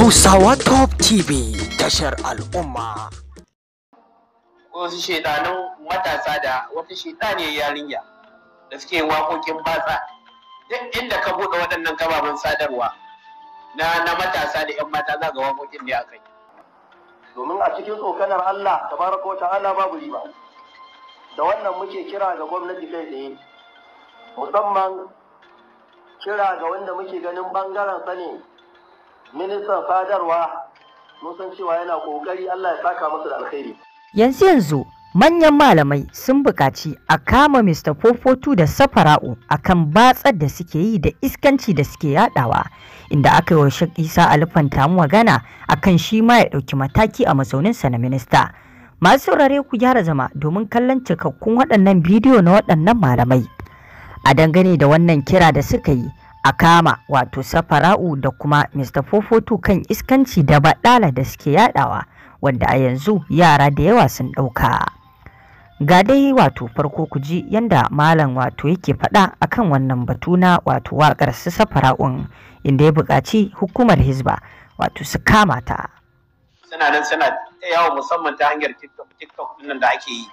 Hausawa Top TV tashar al'umma. Wasu shaidanun matasa da wata shaidaniyar yarinya da suke waƙoƙin batsa duk inda ka buɗe waɗannan kababen sadarwa na na matasa da 'yan mata za ga waƙoƙin ne a kai. Domin a cikin tsokanar Allah tabaraka wa Allah babu riba. Da wannan muke kira ga gwamnati kai tsaye musamman kira ga wanda muke ganin bangaren sani ministan sadarwa mun yana kokari Allah ya saka da alkhairi yanzu yanzu manyan malamai sun buƙaci a kama Mr. Fofotu da Safara'u a kan batsar da suke yi da iskanci da suke yaɗawa, inda aka yi wa Sheikh Isa Alfan tamu magana akan shi ma ya ɗauki mataki a masauninsa na minista. Masu saurare ku gyara zama domin kallon cikakkun waɗannan bidiyo na waɗannan malamai. A dangane da wannan kira da suka yi, a kama wato safara'u da kuma mr fofoto kan iskanci da baɗala da suke yadawa wanda a yanzu yara da yawa sun ɗauka ga dai wato farko ku ji yanda malam wato yake faɗa akan wannan batu na wato waƙar su safara'un inda ya buƙaci hukumar hizba wato su kama ta suna nan suna yawo musamman ta hanyar tiktok tiktok nan da ake yi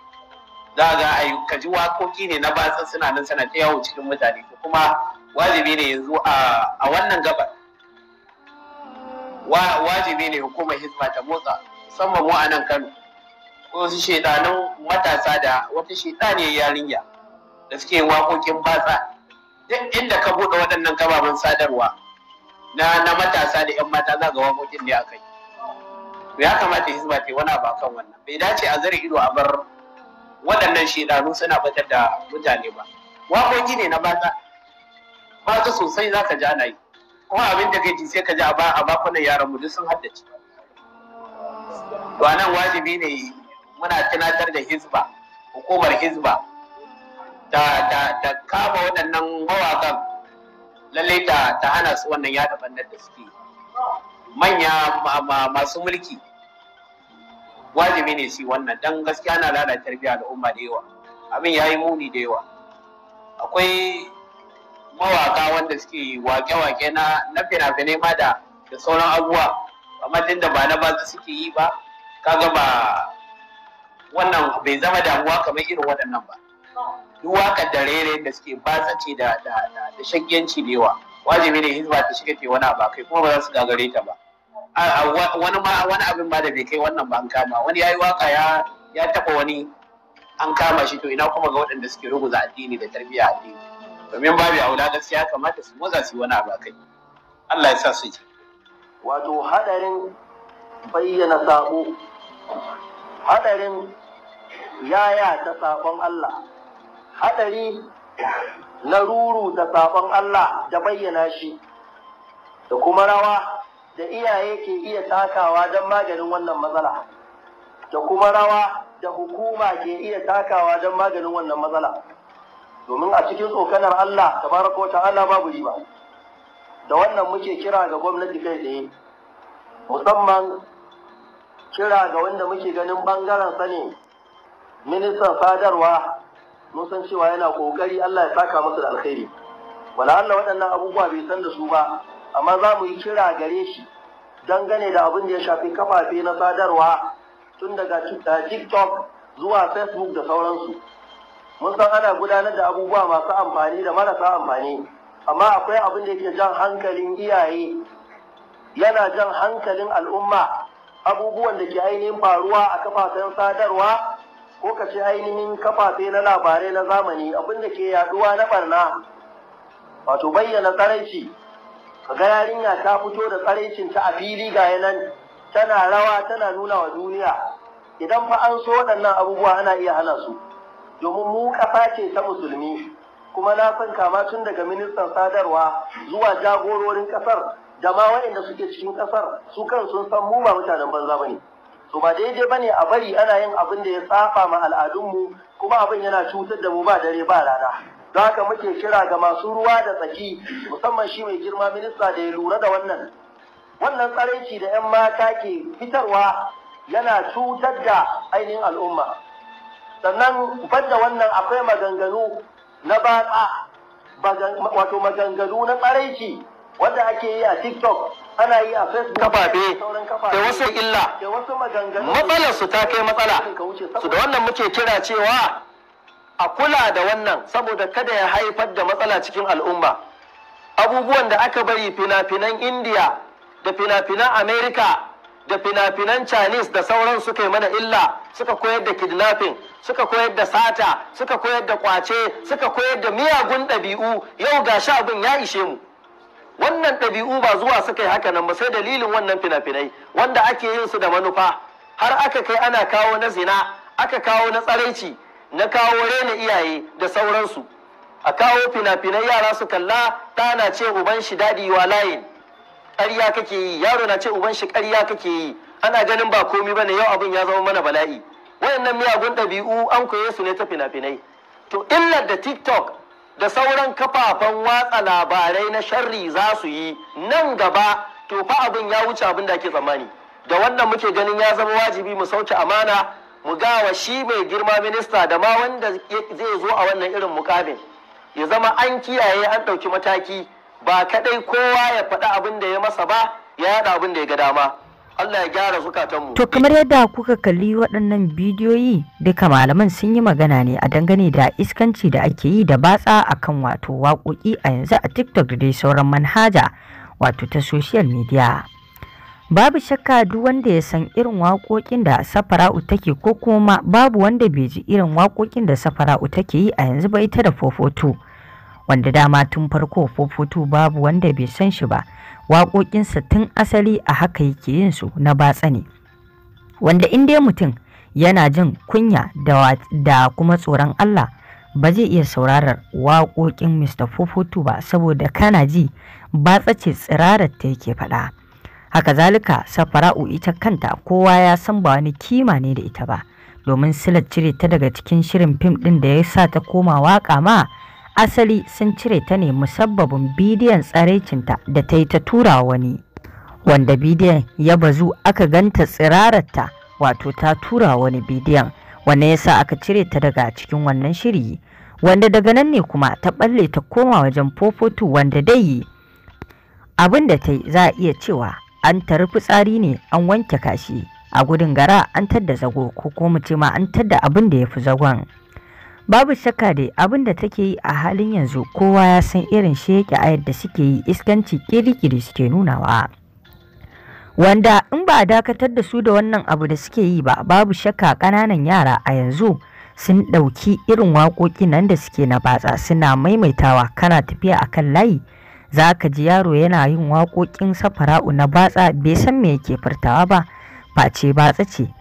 za ga ai waƙoƙi ne na batsa suna nan suna ta yawo cikin mutane kuma wajibi ne yanzu a wannan gabar wajibi ne hukumar hizma ta motsa musamman mu a nan kano ko su shaidanun matasa da wata shaidaniyar yarinya da suke waƙoƙin batsa duk inda ka buɗe waɗannan gababen sadarwa na na matasa da 'yan mata za ga waƙoƙin ne aka yi ya kamata hizma ta yi wani abu kan wannan bai dace a zare ido a bar waɗannan shaidanu suna batar da mutane ba waƙoƙi ne na batsa ba ta sosai za ka ji na yi kuma abin da gaji sai ka ji a ba a bakunan yaran mu duk sun haddace Wa nan wajibi ne muna tunatar da hizba hukumar hizba Ta da ta kama waɗannan mawaƙan lallai ta ta hana su wannan yaɗa bannar da suke manya masu mulki wajibi ne shi wannan dan gaskiya na lalata tarbiyya al'umma da yawa abin yayi muni da yawa akwai mawaka wanda suke wake-wake na na fina-finai ma da da sauran abubuwa amma din da ba na ba suke yi ba kaga ba wannan bai zama damuwa kamar irin waɗannan ba duk waka da rere da suke ba ce da da da shagiyanci da yawa wajibi ne hizba ta shiga ce wani abakai kuma ba za su gagare ta ba wani abin ba da bai kai wannan ba an kama wani yayi waka ya ya taba wani an kama shi to ina kuma ga waɗanda suke ruguza addini da tarbiyya addini domin babu aula gaskiya kamata su motsa su wani abu kai Allah ya sa su ji wato hadarin bayyana sabo hadarin yaya ta sabon Allah hadari na ruru da sabon Allah da bayyana shi da kuma rawa da iyaye ke iya takawa don maganin wannan matsala da kuma rawa da hukuma ke iya takawa don maganin wannan matsala domin a cikin tsokanar Allah tabaraka wa ta'ala babu riba da wannan muke kira ga gwamnati kai tsaye musamman kira ga wanda muke ganin bangaren sa ne ministan sadarwa mun san cewa yana kokari Allah ya saka masu da alkhairi wala Allah waɗannan abubuwa bai san da su ba amma za mu yi kira gare shi dangane da abin da ya shafi kafafe na sadarwa tun daga TikTok zuwa Facebook da sauransu mun san ana gudanar da abubuwa masu amfani da marasa amfani amma akwai abin da yake jan hankalin iyaye yana jan hankalin al'umma abubuwan da ke ainihin faruwa a kafafen sadarwa ko ka ce ainihin kafafe na labarai na zamani abin da ke yaduwa na barna wato bayyana tsaraici kaga yarinya ta fito da tsaraicin ta a fili ga yanan tana rawa tana nuna wa duniya idan fa an so waɗannan abubuwa ana iya hana su domin mu ƙasa ce ta musulmi kuma na san kama tun daga ministan sadarwa zuwa jagororin ƙasar da ma waɗanda suke cikin ƙasar su kan sun san mu ba mutanen banza ba ne to ba daidai ba ne a bari ana yin abin da ya tsafa ma al'adunmu kuma abin yana cutar da mu ba dare ba rana don haka muke kira ga masu ruwa da tsaki musamman shi mai girma minista da ya lura da wannan wannan tsaraici da 'yan mata ke fitarwa yana cutar da ainihin al'umma sannan banda wannan akwai maganganu na batsa wato maganganu na tsaraici wanda ake yi a tiktok ana yi a facebook kafafe da wasu illa matsalar su ta kai matsala su da wannan muke kira cewa a kula da wannan saboda kada ya haifar da matsala cikin al'umma abubuwan da aka bari fina-finan india da fina-finan america da fina-finan chinese da sauran suka yi mana illa suka koyar da kidnapping suka koyar da sata suka koyar da kwace suka koyar da miyagun ɗabi'u yau ga sha abin ya ishe mu wannan ɗabi'u ba zuwa suka yi haka nan ba sai dalilin wannan finafinai, wanda ake yin su da manufa har aka kai ana kawo na zina aka kawo na tsaraici na kawo rena iyaye da sauransu a kawo fina finai yara su kalla tana ce uban shi daɗi wa layin ƙarya kake yi yaro na ce uban shi ƙarya kake yi ana ganin ba komi bane yau abin ya zama mana bala'i wayannan miyagun ɗabi'u an koye su ne ta fina-finai to illar da tiktok da sauran kafafen watsa labarai na sharri za su yi nan gaba to fa abin ya wuce abin da ake tsammani da wannan muke ganin ya zama wajibi mu sauke amana mu gawa shi mai girma minista da ma wanda zai zo a wannan irin mukamin ya zama an kiyaye an ɗauki mataki ba kaɗai kowa ya faɗi abin da ya masa ba ya yada abin da ya ga dama Allah ya gyara zukatanmu. To kamar yadda kuka kalli waɗannan bidiyoyi duka malaman sun yi magana ne a dangane da iskanci da ake yi da batsa akan wato waƙoƙi a yanzu a TikTok da sauran manhaja wato ta social media. Babu shakka duk wanda ya san irin waƙoƙin da Safara'u take ko kuma babu wanda bai ji irin waƙoƙin da Safara'u take yi a yanzu ba ita da fofoto. wanda dama tun farko fofoto babu wanda bai san shi ba waƙoƙinsa tun asali a haka yake yin su na batsa ne wanda in dai mutum yana jin kunya da, kuma tsoron Allah ba zai iya saurarar waƙoƙin Mr. Fofoto ba saboda kana ji batsa ce tsirarar ta yake faɗa. Haka zalika safara'u ita kanta kowa ya san ba wani kima ne da ita ba domin silar cire ta daga cikin shirin fim ɗin da ya sa ta koma waƙa ma asali sun cire ta ne musabbabin bidiyon tsaraicinta da ta yi ta tura wani wanda bidiyon ya bazu aka ganta tsirararta wato ta tura wani bidiyon wanda ya sa aka cire ta daga cikin wannan shiri wanda daga nan ne kuma ta balle ta koma wajen fofoto wanda dai abin da ta yi za a iya cewa an ta tari tsari ne an wanke kashi a gudun gara an tadda zago ko ko mu an tadda abin da ya fi zagon. Babu shakka dai abin da take yi a halin yanzu kowa ya san irin sheke a yadda suke yi iskanci kirikiri suke nunawa. Wanda in ba a dakatar da su da wannan abu da suke yi ba babu shakka kananan yara a yanzu sun ɗauki irin waƙoƙi nan da suke na batsa suna maimaitawa kana tafiya a kan layi za ka ji yaro yana yin waƙoƙin safara'u na batsa bai san me yake furtawa ba face batsa ce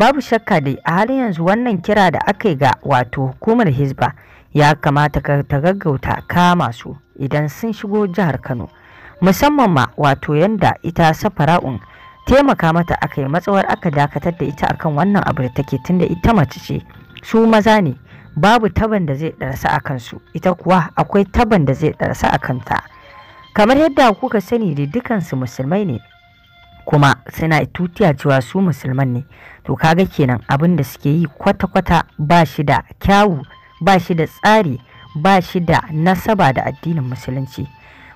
babu shakka dai a halin yanzu wannan kira da aka yi ga wato hukumar hizba ya kamata ka ta gaggauta kama su idan sun shigo jihar kano musamman ma wato yanda ita safara'un taimaka mata aka yi matsawar aka dakatar da ita akan wannan abu da take tunda ita mace ce su maza ne babu taban da zai ɗarsa a kansu ita kuwa akwai taban da zai ɗarsa a kanta kamar yadda kuka sani da dukansu musulmai ne kuma suna tutiya cewa su musulman ne to kaga kenan abin da suke yi kwata-kwata ba shi da kyawu ba shi da tsari ba shi da nasaba da addinin musulunci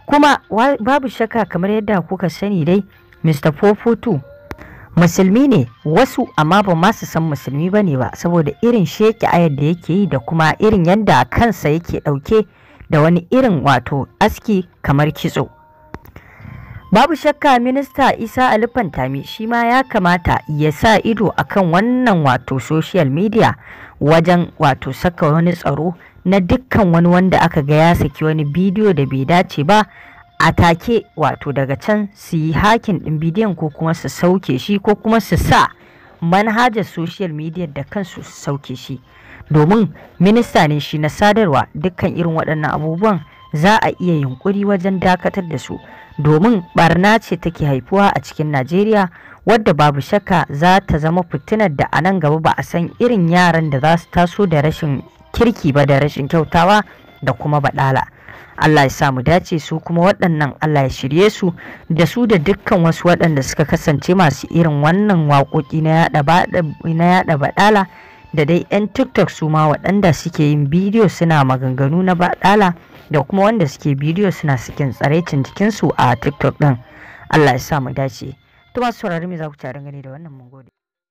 kuma babu shakka kamar yadda kuka sani dai mr fofoto musulmi ne wasu amma ba ma san musulmi ba ne ba saboda irin sheki ayar da yake yi da kuma irin yadda kansa yake ɗauke da wani irin wato aski kamar kitso Babu shakka minista Isa Ali Fantami shi ma ya kamata ya sa ido akan wannan wato social media wajen wato saka wani tsaro na dukkan wani wanda aka ga ya saki wani bidiyo da bai dace ba a take wato daga can su yi hakin ɗin bidiyon ko kuma su sauke shi ko kuma su sa manhajar social media da kansu su sauke shi domin minista ne shi na sadarwa dukkan irin waɗannan abubuwan za a iya yunkuri wajen dakatar da su domin barna ce take haifuwa a cikin najeriya wadda babu shakka za ta zama fitinar da a nan gaba ba a san irin yaran da za su taso da rashin kirki ba da rashin kyautawa da kuma baɗala Allah ya samu dace su kuma waɗannan Allah ya shirye su da su da dukkan wasu waɗanda suka kasance masu irin wannan waƙoƙi na yaɗa baɗala da dai 'yan tiktok su ma waɗanda suke yin bidiyo suna maganganu na baɗala da kuma wanda suke bidiyo suna sikin tsaraicin jikinsu a tiktok ɗin allah ya sa mu dace to masu saurari me za ku ci da wannan mun gode